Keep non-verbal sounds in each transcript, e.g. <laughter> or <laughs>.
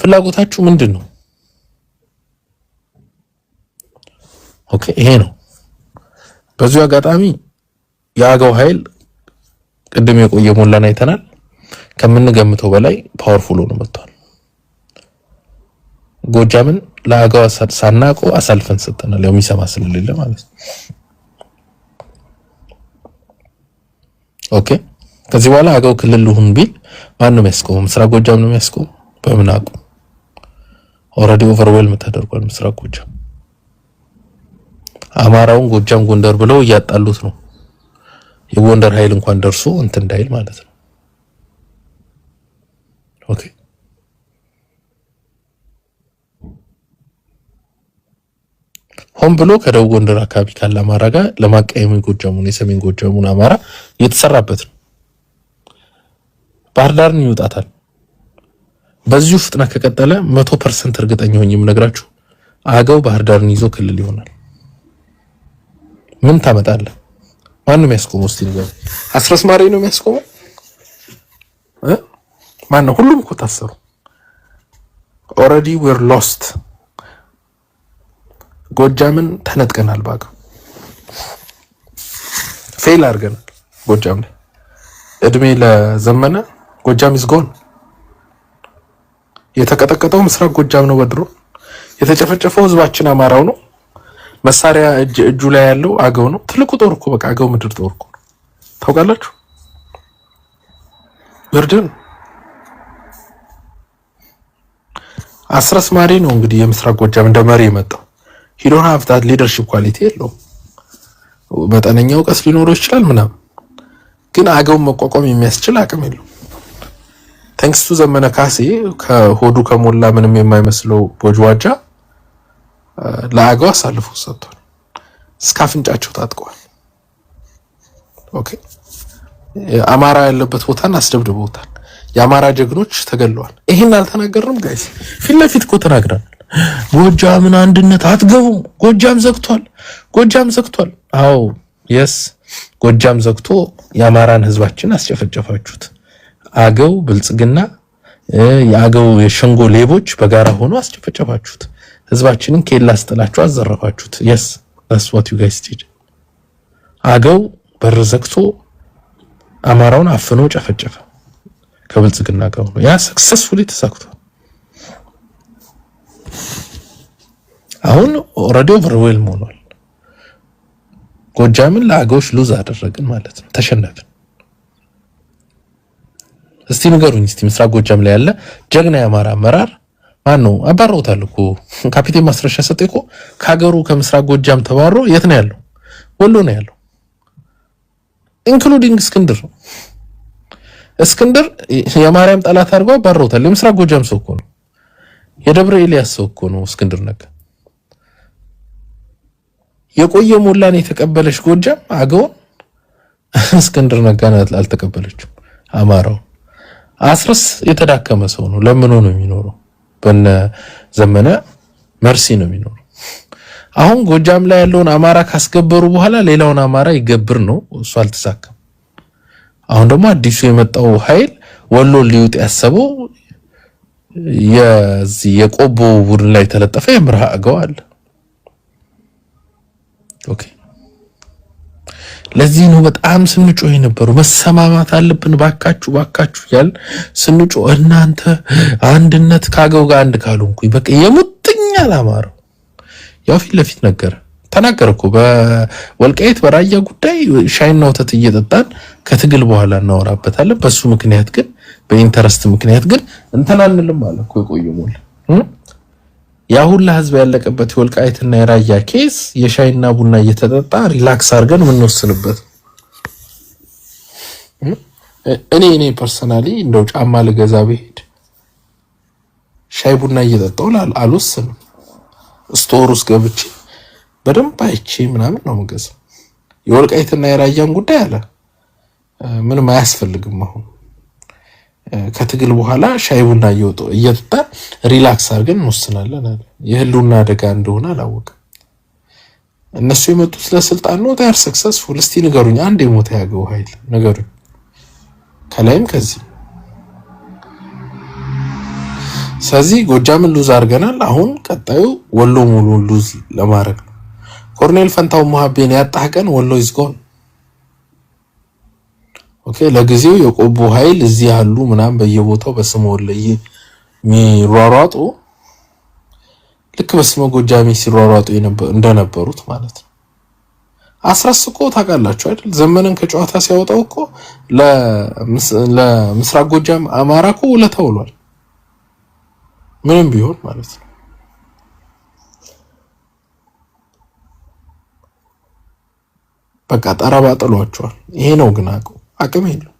ፍላጎታችሁ ምንድን ነው? ኦኬ ይሄ ነው። በዚሁ አጋጣሚ የአገው ኃይል ቅድም የቆየ ሞላን አይተናል። ከምንገምተው በላይ ፓወርፉል ሆኖ መጥቷል። ጎጃምን ለአገው ሳናውቀው አሳልፈን ሰጠናል። ያው የሚሰማ ስለሌለ ማለት ነው። ኦኬ ከዚህ በኋላ አገው ክልል ሁን ቢል ማን ነው የሚያስቆመው? ምስራቅ ጎጃም ነው የሚያስቆመው? በምን አቁም ኦልሬዲ ኦቨርዌልም ተደርጓል። ምስራቅ ጎጃም አማራውን ጎጃም ጎንደር ብለው እያጣሉት ነው። የጎንደር ኃይል እንኳን ደርሶ እንትን እንዳይል ማለት ነው። ኦኬ ሆን ብሎ ከደቡብ ጎንደር አካባቢ ካለ አማራ ጋር ለማቀየም ጎጃሙን የሰሜን ጎጃሙን አማራ እየተሰራበት ነው። ባህር ዳርን ይውጣታል። በዚሁ ፍጥነት ከቀጠለ መቶ ፐርሰንት እርግጠኛ ሆኜ የምነግራችሁ አገው ባህር ዳርን ይዞ ክልል ይሆናል። ምን ታመጣለ? ማን ነው የሚያስቆመው? እስቲ ንገረኝ። አስረስ ማሬ ነው የሚያስቆመው? ማን ነው? ሁሉም እኮ ታሰሩ። ኦልሬዲ ዌር ሎስት። ጎጃምን ተነጥቀናል፣ በአገው ፌል አድርገናል። ጎጃም ላይ እድሜ ለዘመነ ጎጃም ይዝጎን የተቀጠቀጠው ምስራቅ ጎጃም ነው። በድሮ የተጨፈጨፈው ህዝባችን አማራው ነው። መሳሪያ እጁ ላይ ያለው አገው ነው። ትልቁ ጦር እኮ በቃ አገው ምድር ጦር እኮ ነው። ታውቃላችሁ ብርድን ማሪ ነው እንግዲህ የምስራቅ ጎጃም እንደ መሪ የመጣው ሂዶን ሀብታት ሊደርሺፕ ኳሊቲ የለውም። መጠነኛ እውቀት ሊኖረው ይችላል ምናምን፣ ግን አገውን መቋቋም የሚያስችል አቅም የለውም። ተንክስቱ ዘመነ ካሴ ከሆዱ ከሞላ ምንም የማይመስለው ቦጅዋጃ ለአገው አሳልፎ ሰጥቷል። እስከ አፍንጫቸው ታጥቀዋል። ኦኬ አማራ ያለበት ቦታን አስደብድበውታል። የአማራ ጀግኖች ተገለዋል። ይሄን አልተናገርንም ጋይስ፣ ፊት ለፊት እኮ ተናግረናል። ጎጃምን አንድነት አትገቡም። ጎጃም ዘግቷል። ጎጃም ዘግቷል። አዎ የስ ጎጃም ዘግቶ የአማራን ህዝባችን አስጨፈጨፋችሁት። አገው ብልጽግና የአገው የሸንጎ ሌቦች በጋራ ሆኖ አስጨፈጨፋችሁት። ህዝባችንን ኬላ አስጥላችሁ አዘረፋችሁት። የስ ስ ዋት ዩ ጋይስ ዲድ። አገው በር ዘግቶ አማራውን አፍኖ ጨፈጨፈ ከብልጽግና ጋር ሆኖ ያ ሰክሰስፉሊ ተሳክቷል። አሁን ኦልሬዲ ኦቨርዌልም ሆኗል። ጎጃምን ለአገዎች ሉዝ አደረግን ማለት ነው። ተሸነፍን። እስቲ ንገሩኝ እስቲ ምስራቅ ጎጃም ላይ ያለ ጀግና የአማራ አመራር ማን ነው? አባረውታል እኮ ካፒቴን ማስረሻ ሰጤ እኮ ከሀገሩ ከምስራቅ ጎጃም ተባሮ የት ነው ያለው? ወሎ ነው ያለው። ኢንክሉዲንግ እስክንድር እስክንድር የማርያም ጠላት አድርጎ አባረውታል። የምስራቅ ጎጃም ሰው እኮ ነው፣ የደብረ ኤልያስ ሰው እኮ ነው እስክንድር ነጋ። የቆየ ሞላን የተቀበለች ጎጃም አገውን እስክንድር ነጋን አልተቀበለችም አማራው አስረስ የተዳከመ ሰው ነው። ለምኖ ነው የሚኖረው። በነ ዘመነ መርሲ ነው የሚኖረው። አሁን ጎጃም ላይ ያለውን አማራ ካስገበሩ በኋላ ሌላውን አማራ ይገብር ነው። እሱ አልተሳካም። አሁን ደግሞ አዲሱ የመጣው ኃይል ወሎ ሊውጥ ያሰበው የዚህ የቆቦ ቡድን ላይ የተለጠፈ የምርሃ አገው አለ። ኦኬ ለዚህ ነው በጣም ስንጮ የነበሩ መሰማማት አለብን ባካችሁ ባካችሁ እያልን ስንጮህ እናንተ አንድነት ካገው ጋር አንድ ካሉ እንኩኝ በቃ የሙጥኛ አላማረው። ያው ፊት ለፊት ነገር ተናገርኩ። በወልቃይት በራያ ጉዳይ ሻይና ወተት እየጠጣን ከትግል በኋላ እናወራበታለን። በሱ ምክንያት ግን በኢንተረስት ምክንያት ግን እንተናንልም አንልም አለ እኮ ያ ሁላ ህዝብ ያለቀበት የወልቃይትና የራያ ኬስ የሻይና ቡና እየተጠጣ ሪላክስ አድርገን የምንወስንበት እኔ እኔ ፐርሰናሊ እንደው ጫማ ልገዛ ብሄድ ሻይ ቡና እየጠጣው አልወስንም። ስቶር ውስጥ ገብቼ በደንብ አይቼ ምናምን ነው የምገዛው። የወልቃይትና የራያን ጉዳይ አለ ምንም አያስፈልግም አሁን ከትግል በኋላ ሻይ ቡና እየወጡ እየጠጣ ሪላክስ አድርገን እንወስናለን አለ። የህልውና አደጋ እንደሆነ አላወቅም። እነሱ የመጡት ለስልጣን ነው። ታር ሰክሰስፉል። እስቲ ንገሩኝ፣ አንድ የሞተ ያገው ኃይል ንገሩኝ፣ ከላይም ከዚህ። ስለዚህ ጎጃምን ሉዝ አድርገናል። አሁን ቀጣዩ ወሎ ሙሉ ሉዝ ለማድረግ ነው። ኮርኔል ፈንታው መሀቤን ያጣህ ቀን ወሎ ይዝጎን ኦኬ ለጊዜው የቆቦ ኃይል እዚህ ያሉ ምናምን በየቦታው በስመ ወለየ የሚሯሯጡ ልክ በስመ ጎጃሜ ሲሯሯጡ እንደነበሩት ማለት ነው። አስረስቆ ታውቃላችሁ አይደል? ዘመንን ከጨዋታ ሲያወጣው እኮ ለምስራቅ ጎጃም አማራ እኮ ውለታ ውሏል። ምንም ቢሆን ማለት ነው። በቃ ጠረባ ጥሏቸዋል። ይሄ ነው ግን አቀው አቅም የለው።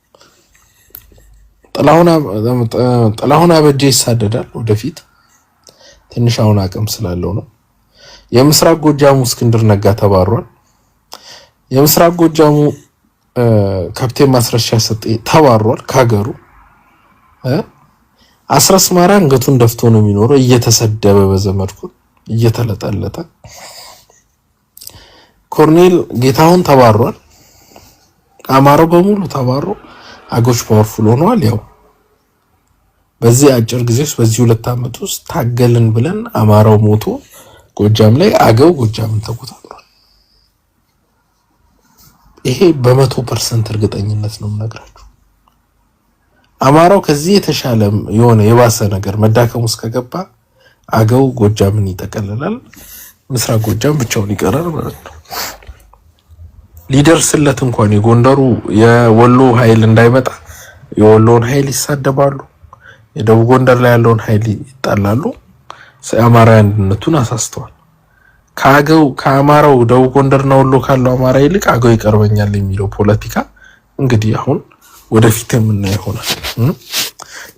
ጥላሁን አበጀ ይሳደዳል ወደፊት ትንሽ አሁን አቅም ስላለው ነው። የምስራቅ ጎጃሙ እስክንድር ነጋ ተባሯል። የምስራቅ ጎጃሙ ካፕቴን ማስረሻ ሰጤ ተባሯል ከሀገሩ። አስረስ ማረ አንገቱን ደፍቶ ነው የሚኖረው፣ እየተሰደበ በዘመድኩ እየተለጠለጠ። ኮርኔል ጌታሁን ተባሯል። አማራው በሙሉ ተባሮ አገዎች ፓወርፉል ሆኗል። ያው በዚህ አጭር ጊዜ ውስጥ በዚህ ሁለት አመት ውስጥ ታገልን ብለን አማራው ሞቶ ጎጃም ላይ አገው ጎጃምን ተቆጣጥሯል። ይሄ በመቶ ፐርሰንት እርግጠኝነት ነው የምነግራችሁ። አማራው ከዚህ የተሻለ የሆነ የባሰ ነገር መዳከም ውስጥ ከገባ አገው ጎጃምን ይጠቀልላል። ምስራቅ ጎጃም ብቻውን ይቀራል ማለት ነው። ሊደርስለት እንኳን የጎንደሩ የወሎ ኃይል እንዳይመጣ የወሎውን ኃይል ይሳደባሉ። የደቡብ ጎንደር ላይ ያለውን ኃይል ይጣላሉ። አማራ አንድነቱን አሳስተዋል። ከአገው ከአማራው ደቡብ ጎንደርና ወሎ ካለው አማራ ይልቅ አገው ይቀርበኛል የሚለው ፖለቲካ እንግዲህ አሁን ወደፊት የምናየው ይሆናል።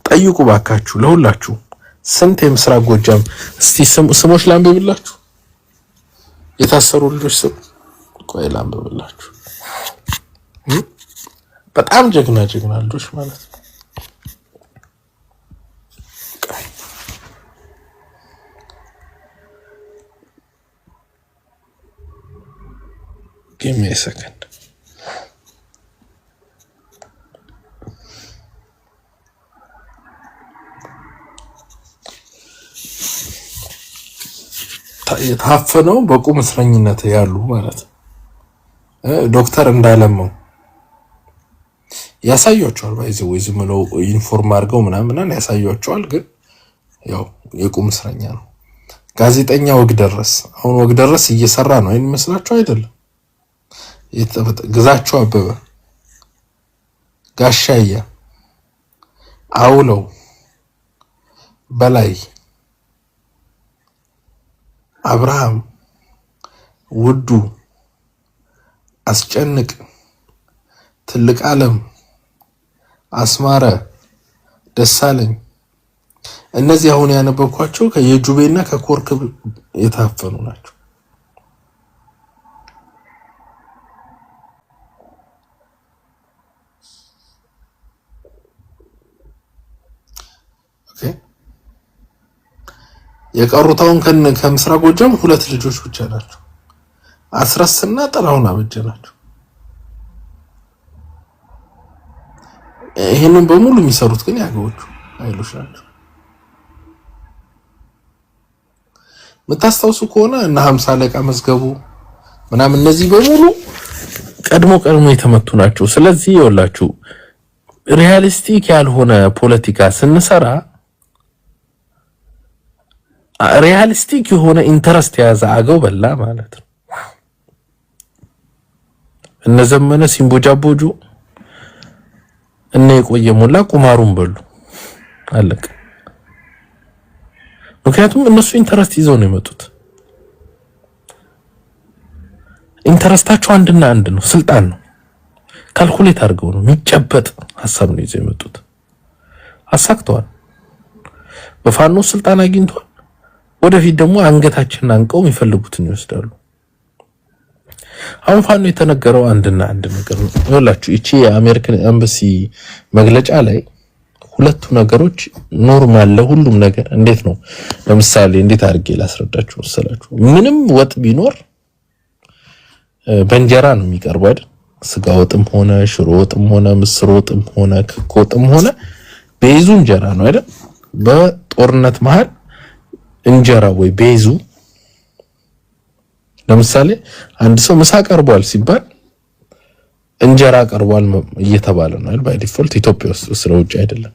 ጠይቁ ባካችሁ ለሁላችሁ ስንት የምስራቅ ጎጃም እስቲ ስሞች ላንብብላችሁ የታሰሩ ልጆች ስም ቆይ ላንብብላችሁ። በጣም ጀግና ጀግና ልጆች ማለት ነው። ጊቭ ሰከንድ የታፈነው በቁም እስረኝነት ያሉ ማለት ነው። ዶክተር እንዳለመው ያሳያቸዋል። ባይዘው ወይ ዝም ብለው ኢንፎርም አድርገው ምናምን ያሳያቸዋል። ግን ያው የቁም እስረኛ ነው። ጋዜጠኛ ወግ ደረስ አሁን ወግ እየሰራ ነው። አይን መስላችሁ አይደለም። ግዛቸው አበበ ጋሻያ አውለው በላይ አብርሃም ውዱ አስጨንቅ፣ ትልቅ ዓለም፣ አስማረ፣ ደሳለኝ እነዚህ አሁን ያነበብኳቸው ከየጁቤና ከኮርክብ የታፈኑ ናቸው። የቀሩታውን ከምስራቅ ጎጃም ሁለት ልጆች ብቻ ናቸው። አስረስና ጥላሁን አበጀናቸው። ይህንን በሙሉ የሚሰሩት ግን ያገዎቹ ኃይሎች ናቸው። የምታስታውሱ ከሆነ እነ ሀምሳ አለቃ መዝገቡ ምናምን እነዚህ በሙሉ ቀድሞ ቀድሞ የተመቱ ናቸው። ስለዚህ ይኸውላችሁ ሪያሊስቲክ ያልሆነ ፖለቲካ ስንሰራ ሪያሊስቲክ የሆነ ኢንተረስት የያዘ አገው በላ ማለት ነው። እነ ዘመነ ሲንቦጃቦጁ እነ የቆየ ሞላ ቁማሩን በሉ አለቀ። ምክንያቱም እነሱ ኢንተረስት ይዘው ነው የመጡት። ኢንተረስታቸው አንድና አንድ ነው፣ ስልጣን ነው። ካልኩሌት አድርገው ነው የሚጨበጥ ሀሳብ ነው ይዘው የመጡት። አሳክተዋል። በፋኖ ስልጣን አግኝተዋል። ወደፊት ደግሞ አንገታችንን አንቀው የሚፈልጉትን ይወስዳሉ። አሁን ፋኖ የተነገረው አንድና አንድ ነገር ነው ላችሁ ይቺ የአሜሪካን ኤምባሲ መግለጫ ላይ ሁለቱ ነገሮች ኖርማል ለሁሉም ነገር እንዴት ነው? ለምሳሌ እንዴት አድርጌ ላስረዳችሁ መሰላችሁ? ምንም ወጥ ቢኖር በእንጀራ ነው የሚቀርበው አይደል? ስጋ ወጥም ሆነ ሽሮ ወጥም ሆነ ምስር ወጥም ሆነ ክክ ወጥም ሆነ ቤዙ እንጀራ ነው አይደል? በጦርነት መሀል እንጀራ ወይ ቤዙ ለምሳሌ አንድ ሰው ምሳ ቀርቧል ሲባል እንጀራ ቀርቧል እየተባለ ነው አይደል? ባይ ዲፎልት ኢትዮጵያ ውስጥ ስለ ውጭ አይደለም።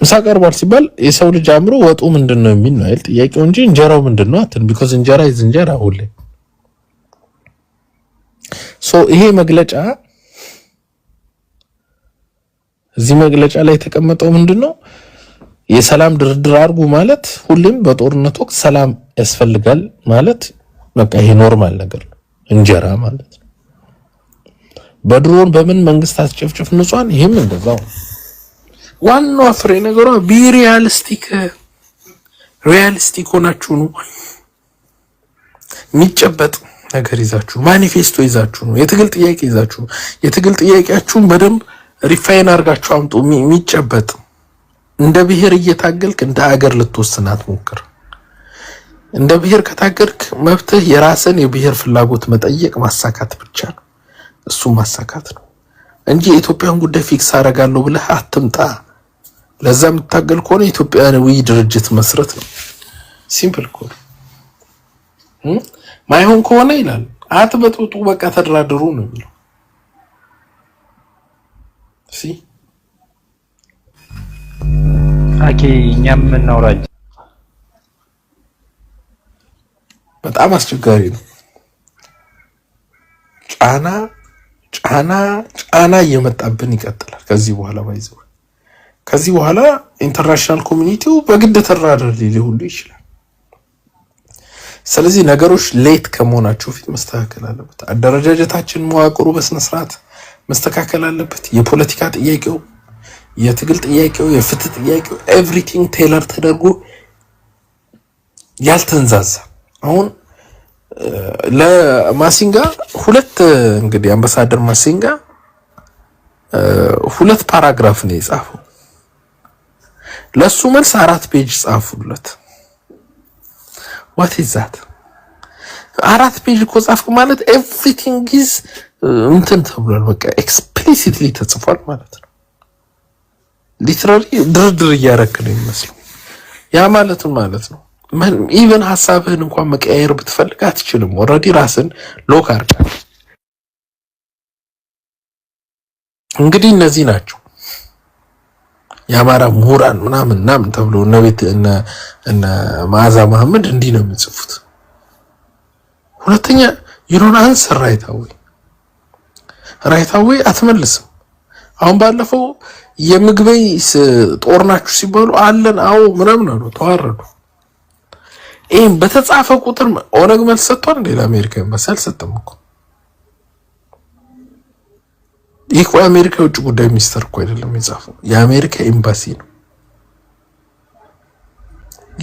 ምሳ ቀርቧል ሲባል የሰው ልጅ አእምሮ ወጡ ምንድን ነው የሚል ነው አይደል ጥያቄው እንጂ እንጀራው ምንድን ነው አትን ቢኮዝ እንጀራ ይዝ እንጀራ ሁሌ ሶ ይሄ መግለጫ እዚህ መግለጫ ላይ የተቀመጠው ምንድን ነው የሰላም ድርድር አድርጉ ማለት ሁሌም በጦርነት ወቅት ሰላም ያስፈልጋል ማለት በቃ ይሄ ኖርማል ነገር እንጀራ ማለት ነው። በድሮን በምን መንግስት አስጨፍጭፍ ንጹሃን፣ ይሄም እንደዛው። ዋናው ፍሬ ነገሯ ቢሪያሊስቲክ ሪያሊስቲክ ሆናችሁ ነው የሚጨበጥ ነገር ይዛችሁ ማኒፌስቶ ይዛችሁ ነው የትግል ጥያቄ ይዛችሁ የትግል ጥያቄያችሁን በደንብ ሪፋይን አድርጋችሁ አምጡ የሚጨበጥ እንደ ብሔር እየታገልክ እንደ ሀገር ልትወስን አትሞክር። እንደ ብሔር ከታገልክ መብትህ የራስን የብሔር ፍላጎት መጠየቅ ማሳካት ብቻ ነው። እሱም ማሳካት ነው እንጂ የኢትዮጵያን ጉዳይ ፊክስ አደርጋለሁ ብለህ አትምጣ። ለዛ የምታገል ከሆነ ኢትዮጵያዊ ድርጅት መስረት ነው። ሲምፕል እኮ ማይሆን ከሆነ ይላል አትበጡጡ፣ በቃ ተደራደሩ ነው የሚለው። አኬ እኛም እናውራ በጣም አስቸጋሪ ነው። ጫና ጫና ጫና እየመጣብን ይቀጥላል። ከዚህ በኋላ ባይዘው ከዚህ በኋላ ኢንተርናሽናል ኮሚኒቲው በግድ ተራዳሪ ሊሆን ይችላል። ስለዚህ ነገሮች ሌት ከመሆናቸው ፊት መስተካከል አለበት። አደረጃጀታችን መዋቅሩ በስነስርዓት መስተካከል አለበት። የፖለቲካ ጥያቄው የትግል ጥያቄው፣ የፍትህ ጥያቄው ኤቭሪቲንግ ቴለር ተደርጎ ያልተንዛዛ አሁን ለማሲንጋ ሁለት እንግዲህ አምባሳደር ማሲንጋ ሁለት ፓራግራፍ ነው የጻፈው። ለሱ መልስ አራት ፔጅ ጻፉለት። ዋት ኢዝ ዛት አራት ፔጅ እኮ ጻፍኩ ማለት ኤቭሪቲንግ ኢዝ እንትን ተብሏል። በቃ ኤክስፕሊሲትሊ ተጽፏል ማለት ነው። ሊትራሪ ድርድር እያረክ ነው የሚመስለው። ያ ማለትም ማለት ነው ኢቨን ሀሳብህን እንኳን መቀያየር ብትፈልግ አትችልም። ኦልሬዲ ራስን ሎክ አድርጋል። እንግዲህ እነዚህ ናቸው የአማራ ምሁራን ምናምን ምናምን ተብሎ እነ ቤት እነ መዓዛ መሐመድ እንዲህ ነው የሚጽፉት። ሁለተኛ ዩሮን አንሰር ራይታዊ ራይታዊ አትመልስም አሁን ባለፈው የምግበይ ጦር ናችሁ ሲባሉ አለን አዎ ምናምን አሉ፣ ተዋረዱ። ይህም በተጻፈ ቁጥር ኦነግ መልስ ሰጥቷል። ሌላ ለአሜሪካ ኤምባሲ አልሰጠም እኮ ይህ እኮ የአሜሪካ የውጭ ጉዳይ ሚኒስተር እኮ አይደለም የጻፈው የአሜሪካ ኤምባሲ ነው።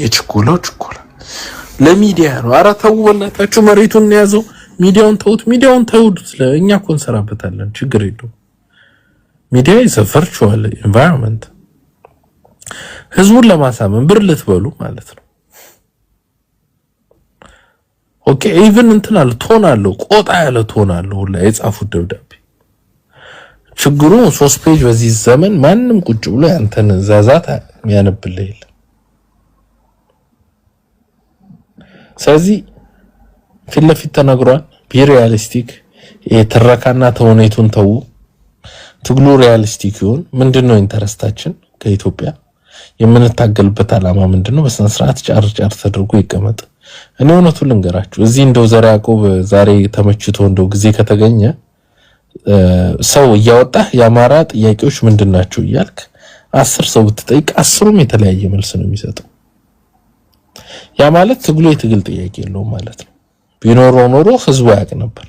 የችኮላው ችኮላ ለሚዲያ ነው። ኧረ ተው በእናታችሁ መሬቱን ያዘው። ሚዲያውን ተውት፣ ሚዲያውን ተውዱት። ለእኛ እኮ እንሰራበታለን፣ ችግር የለውም። ሚዲያ ኢዝ ቨርቹዋል ኢንቫይሮንመንት። ህዝቡን ለማሳመን ብር ልትበሉ ማለት ነው። ኦኬ ኢቭን እንትን አለ ቶን አለው ቆጣ ያለ ቶን አለው ሁላ የጻፉት ደብዳቤ። ችግሩ ሶስት ፔጅ በዚህ ዘመን ማንም ቁጭ ብሎ ያንተን ዛዛት ያነብልህ የለም። ስለዚህ ፊት ለፊት ተነግሯል። ቢሪያሊስቲክ የትረካና ተውኔቱን ተው? ትግሉ ሪያሊስቲክ ይሁን። ምንድን ነው ኢንተረስታችን ከኢትዮጵያ የምንታገልበት ዓላማ ምንድን ነው? በስነ ስርዓት ጫር ጫር ተደርጎ ይቀመጥ። እኔ እውነቱን ልንገራችሁ፣ እዚህ እንደው ዘር ያዕቆብ ዛሬ ተመችቶ እንደው ጊዜ ከተገኘ ሰው እያወጣ የአማራ ጥያቄዎች ምንድን ናቸው እያልክ አስር ሰው ብትጠይቅ አስሩም የተለያየ መልስ ነው የሚሰጠው። ያ ማለት ትግሉ የትግል ጥያቄ የለውም ማለት ነው። ቢኖረው ኖሮ ህዝቡ ያውቅ ነበር።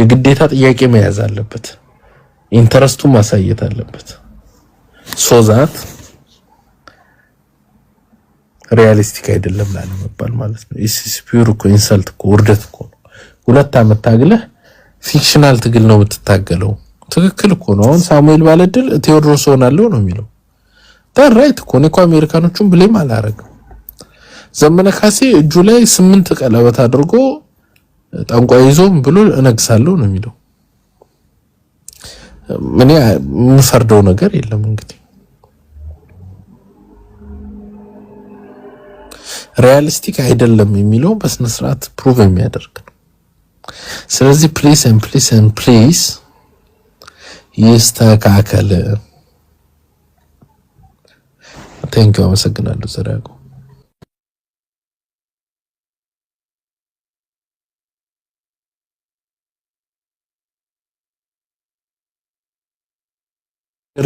የግዴታ ጥያቄ መያዝ አለበት። ኢንተረስቱ ማሳየት አለበት። ሶዛት ሪያሊስቲክ አይደለም ላለመባል ማለት ነው። ኢስ ፒዩር እኮ ኢንሰልት እኮ ውርደት እኮ ነው። ሁለት ዓመት ታግለህ ፊክሽናል ትግል ነው የምትታገለው። ትክክል እኮ ነው። አሁን ሳሙኤል ባለድል ቴዎድሮስ ሆናለሁ ነው የሚለው። ታን ራይት እኮ ነው። አሜሪካኖቹን ብሌም አላረግም። ዘመነ ካሴ እጁ ላይ ስምንት ቀለበት አድርጎ ጠንቋ ይዞም ብሎ እነግሳለሁ ነው የሚለው። እኔ የምፈርደው ነገር የለም። እንግዲህ ሪያሊስቲክ አይደለም የሚለው በስነ ስርዓት ፕሩቭ የሚያደርግ ስለዚህ ፕሊስ ኤንድ ፕሊስ ኤንድ ፕሊስ ይስተካከል። ቴንኪው፣ አመሰግናለሁ ዘራቆ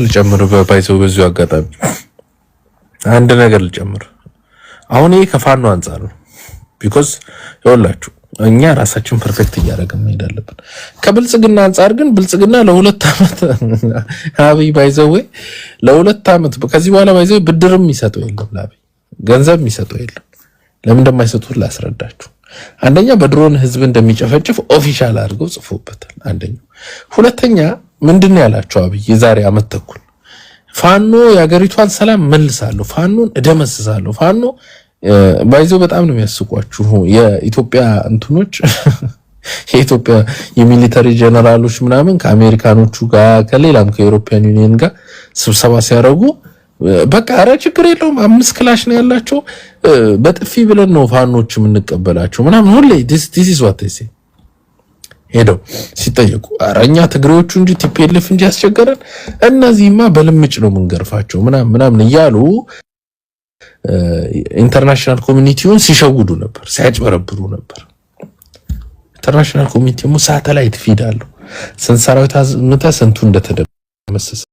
ልጨምር ባይዘው በዚሁ አጋጣሚ አንድ ነገር ልጨምር። አሁን ይሄ ከፋኖ አንጻር ነው። ቢኮዝ ይኸውላችሁ እኛ ራሳችን ፐርፌክት እያደረግን መሄድ አለብን። ከብልጽግና አንጻር ግን ብልጽግና ለሁለት ዓመት <laughs> አብይ ባይዘው ለሁለት ዓመት ከዚህ በኋላ ባይዘው ብድርም የሚሰጠው የለም ለአብይ ገንዘብ የሚሰጠው የለም። ለምን እንደማይሰጡት ላስረዳችሁ። አንደኛ በድሮን ህዝብ እንደሚጨፈጭፍ ኦፊሻል አድርገው ጽፎበታል። አንደኛ ሁለተኛ ምንድን ነው ያላቸው አብይ የዛሬ አመት ተኩል ፋኖ የአገሪቷን ሰላም መልሳለሁ፣ ፋኖን እደመስሳለሁ፣ ፋኖ ባይዞ በጣም ነው የሚያስቋችሁ የኢትዮጵያ እንትኖች <laughs> የኢትዮጵያ የሚሊተሪ ጀነራሎች ምናምን ከአሜሪካኖቹ ጋር ከሌላም ከኤሮፒያን ዩኒየን ጋር ስብሰባ ሲያደርጉ በቃ ኧረ ችግር የለውም አምስት ክላሽ ነው ያላቸው፣ በጥፊ ብለን ነው ፋኖች የምንቀበላቸው ምናምን ሁሌ ዲስ ኢዝ ዋት ሄደው ሲጠየቁ ኧረ እኛ ትግሬዎቹ እንጂ ቲፒኤልኤፍ እንጂ ያስቸገረን እነዚህማ በልምጭ ነው የምንገርፋቸው ምናምን ምናምን እያሉ ኢንተርናሽናል ኮሚኒቲውን ሲሸውዱ ነበር፣ ሲያጭበረብሩ ነበር። ኢንተርናሽናል ኮሚኒቲ ሳተላይት ፊድ አለው። ስንት ሰራዊት አዝምተህ ስንቱ እንደተደመሰሰ